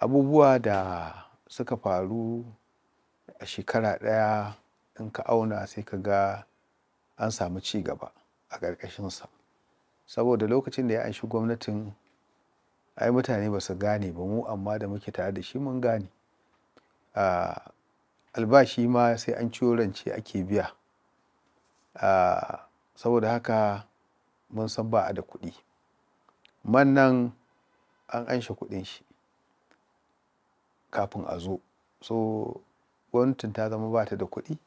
abubuwa da suka faru a shekara ɗaya in ka auna sai ka ga an samu ci gaba a ƙarƙashinsa saboda lokacin da ya anshi gwamnatin ai mutane ba su gane ba mu amma da muke tare da shi mun gane albashi ma sai an ciyo rance ake biya saboda haka mun san ba a da kuɗi man nan an anshe kuɗin shi kafin a zo so gwamnatin ta zama ba ta da kuɗi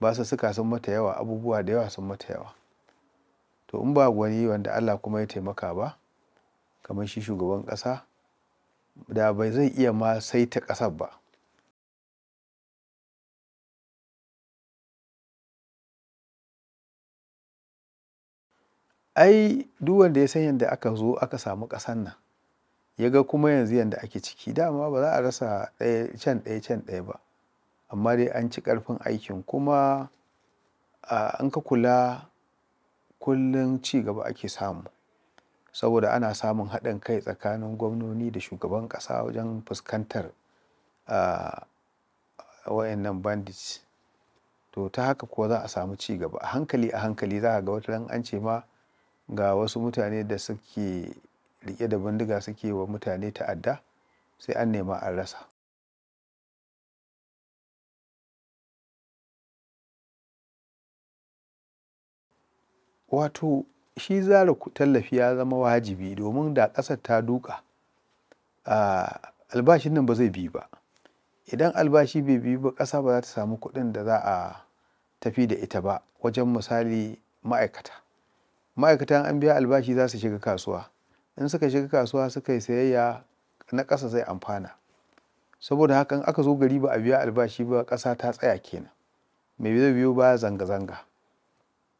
ba su suka sun mata yawa abubuwa da yawa sun mata yawa to in ba wani wanda allah kuma ya taimaka ba kamar shi shugaban ƙasa da bai zai iya ma sai ta ƙasar ba ai duk wanda ya san yadda aka zo aka samu ƙasar nan ya ga kuma yanzu yadda ake ciki dama ba za a rasa ɗaya can ɗaya can ɗaya ba amma dai an ci ƙarfin aikin kuma an ka kula kullum ci gaba ake samu saboda ana samun haɗin kai tsakanin gwamnoni da shugaban ƙasa wajen fuskantar wayannan bandit. to ta haka kuwa za a samu ci gaba a hankali a hankali za a ga wata an ce ma ga wasu mutane da suke riƙe da bindiga suke wa mutane ta'adda sai an nema an rasa wato shi zara tallafi ya zama wajibi domin da ƙasar ta duka albashin nan ba zai bi ba idan albashi bai bi ba ƙasa ba za ta samu kuɗin da za a tafi da ita ba wajen misali ma'aikata ma'aikatan an biya albashi za su shiga kasuwa in suka shiga kasuwa suka yi sayayya na ƙasa zai amfana saboda hakan aka zo gari ba a biya albashi ba ƙasa ta tsaya kenan mai biyo biyo ba zanga-zanga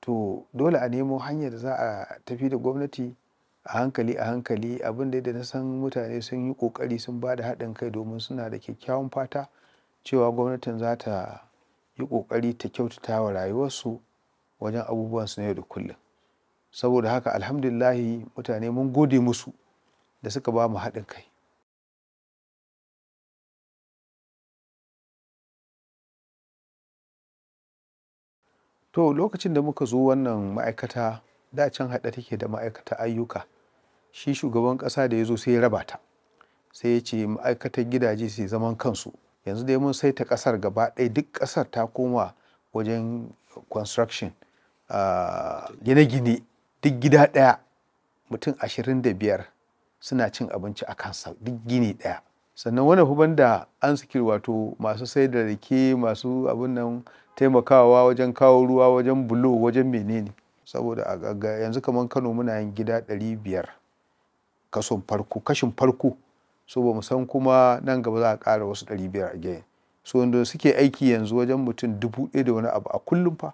to dole a nemo hanyar da za a tafi da gwamnati a hankali a hankali abin da na san mutane sun yi ƙoƙari sun ba da haɗin kai domin suna da kyakkyawan fata cewa gwamnatin za ta yi ƙoƙari ta kyautata wa rayuwarsu wajen abubuwan su na yau da kullum saboda haka alhamdulillahi mutane mun gode musu da suka ba mu haɗin kai to lokacin da muka zo wannan ma'aikata da can haɗa take da ma'aikata ayyuka shi shugaban ƙasa da ya zo sai ya raba ta sai ya ce ma'aikatar gidaje suyi zaman kansu yanzu dai mun saita ƙasar gaba ɗaya duk ƙasar ta koma wajen construction ah, gine-gine duk gida ɗaya mutum ashirin da biyar suna cin abinci a kansa duk gini ɗaya sannan wani huban da an sikir wato masu sai da rake masu abin nan taimakawa wajen kawo ruwa wajen bulo wajen menene saboda a yanzu kamar kano muna yin gida ɗari biyar kason farko kashin farko so ba san kuma nan gaba za a ƙara wasu ɗari biyar a gaya so wanda suke aiki yanzu wajen mutum dubu ɗaya da wani abu a kullum fa